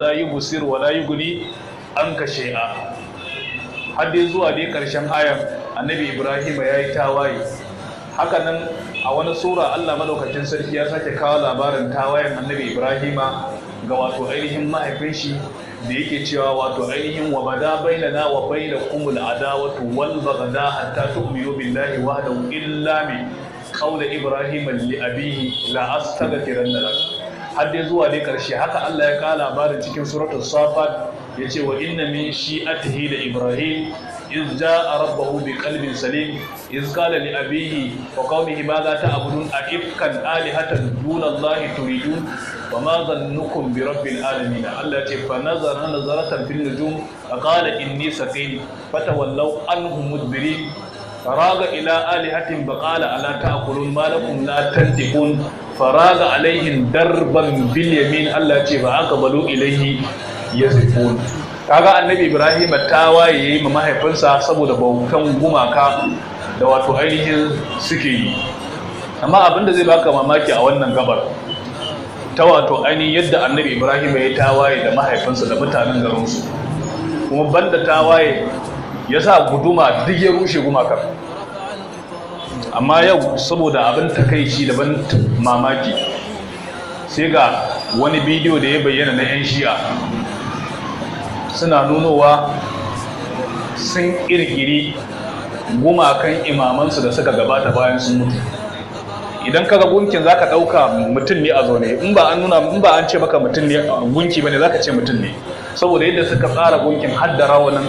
la yi busir wa la yi guni an kashe shai'a har dai zuwa dai karshen ayan annabi ibrahim ya yi tawaye haka nan a wani sura allah madaukakin sarki ya sake kawo labarin tawayen annabi ibrahima ga wato ainihin mahaifin shi da yake cewa wato ainihin wa bada bainana wa bainakum al-adawatu wal baghda hatta tu'minu billahi wahdahu illa min qawli ibrahim li abihi la astaghfiranna lak har dai zuwa dai karshe haka Allah ya kawo labarin cikin suratul Safa, ya ce wa inna min shi'atihi da ibrahim iz ja'a rabbahu bi qalbin salim iz qala li abihi wa qawmihi ma za ta'budun a ifkan alihatan dunallahi turidun wa ma zannukum bi rabbil alamin Allah ya ce fa nazara nazaratan fil nujum fa qala inni saqim fa tawallaw anhu mudbirin فراغ إلى آلهة بقال ألا تأكلون ما لكم لا تنتقون ga alaihin darban bil Allah ce ba aka balu ilaihi yazifun kaga annabi Ibrahim ya yi ma mahaifinsa saboda bautan gumaka da wato ainihin suke yi amma abin da zai baka mamaki a wannan gabar ta wato ainihin yadda annabi Ibrahim ya tawaye da mahaifinsa da mutanen garinsu kuma banda tawaye ya sa guduma duk ya rushe gumakar amma yau saboda abin takaici da daban mamaki sai ga wani bidiyo da ya bayyana na 'yan shi'a suna nunowa sun kirkiri gumakan imamansu da suka gabata bayan sun mutu idan ka ga gunkin za ka ɗauka mutum ne a zaune in ba an nuna in ba an ce maka mutum ne gunki ba ne za ka ce mutum ne saboda yadda suka tsara gunkin haddara wannan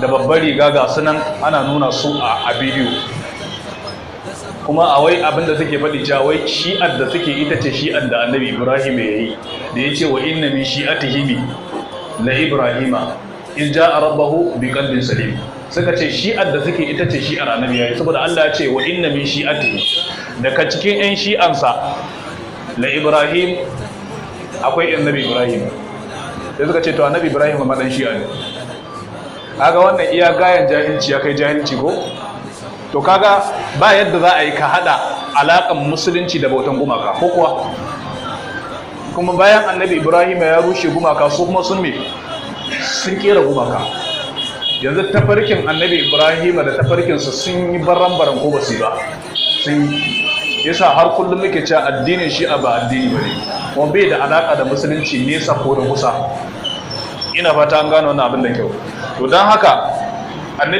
da babbar riga ga sunan ana nuna su a bidiyo kuma a wai abin da suke faɗi cewa wai shi'ar da suke ita ce shi'ar da annabi ibrahim ya yi da ya ce wa inna min shi'ati na ibrahima in ja rabbahu bi qalbin salim suka ce shi'ar da suke ita ce shi'ar annabi yayi saboda Allah ya ce wa inna min shi'ati daga cikin yan shi'ansa na ibrahim akwai annabi ibrahim sai suka ce to annabi ibrahim ma dan shi'a ne kaga wannan iya gayan jahilci ya kai jahilci ko to kaga ba yadda za a yi ka haɗa alakan musulunci da bautan gumaka ko kuwa kuma bayan annabi ibrahim ya rushe gumaka su kuma sun me sun kera gumaka yanzu tafarkin annabi ibrahim da tafarkinsa sun yi baran-baran ko ba su ba sun yasa har kullum muke cewa addinin shi a ba addini bane kuma bai da alaka da musulunci nesa ko da kusa ina fata an gano wannan abin da kyau to don haka annabi